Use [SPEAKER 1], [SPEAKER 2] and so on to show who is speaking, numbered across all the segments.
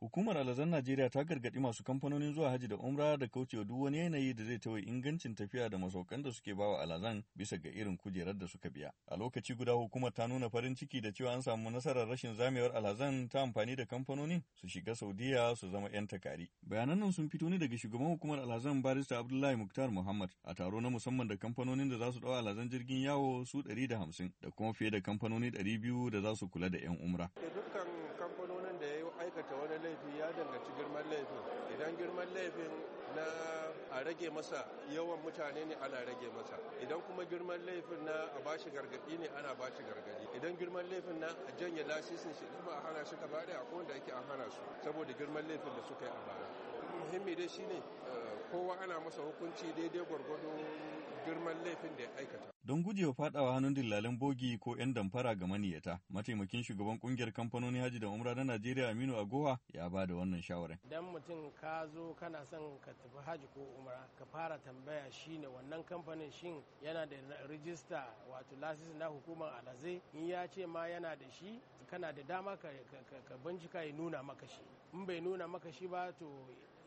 [SPEAKER 1] Hukumar alazan Najeriya ta gargaɗi masu kamfanonin zuwa hajji da umra da kaucewa duk wani yanayi da zai tawaye ingancin tafiya da masaukan da suke bawa alazan bisa ga irin kujerar da suka biya. A lokaci guda hukumar ta nuna farin ciki da cewa an samu nasarar rashin zamewar alazan ta amfani da kamfanonin su shiga Saudiya su zama 'yan takari. Bayanan nan sun fito ne daga shugaban hukumar alazan barista Abdullahi Muktar Muhammad a taro na musamman da kamfanonin da za su dawo alazan jirgin yawo su ɗari da hamsin da kuma fiye da kamfanoni biyu da za su kula da 'yan umra.
[SPEAKER 2] aikata wani laifi ya danganci girman laifin idan girman laifin na a rage masa yawan mutane ne ana rage masa idan kuma girman laifin na a bashi gargadi ne ana bashi gargadi idan girman laifin na a janye lasisin shi kuma a hana shi gaba daya a kowanda ake a hana su saboda girman laifin da suka yi a bara muhimmi dai shine eh, kowa ana masa hukunci daidai gwargwado girman laifin da ya aikata.
[SPEAKER 1] Don gujewa fadawa hannun dillalin bogi ko 'yan damfara ga maniyata, mataimakin shugaban kungiyar kamfanoni haji da umra na Najeriya Aminu agowa ya ba da wannan shawarar.
[SPEAKER 3] Dan mutum ka zo kana son ka tafi haji ko umra, ka fara tambaya shi shine wannan kamfanin shin yana da rijista wato lasisi na hukumar alhazai in ya ce ma yana da shi kana da dama ka bincika ya nuna maka shi. In bai nuna maka shi ba to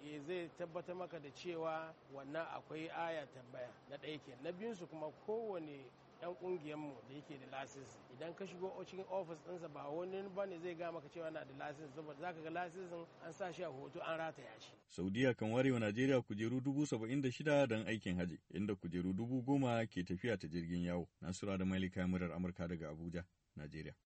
[SPEAKER 3] Eh, zai tabbatar maka da cewa wannan akwai aya tambaya na ɗaya ke na biyunsu kuma kowane yan kungiyarmu da yake da lasisi idan ka shigo cikin ofis ɗinsa ba wani ba ne zai gama ka cewa na da lasisi saboda za ka ga lasisin an sa shi a hoto an rataya shi.
[SPEAKER 1] Saudiya kan ware wa Najeriya kujeru dubu saba'in da shida don aikin hajji inda kujeru dubu goma ke tafiya ta jirgin yawo. Nasura da Malika Murar Amurka daga Abuja, Najeriya.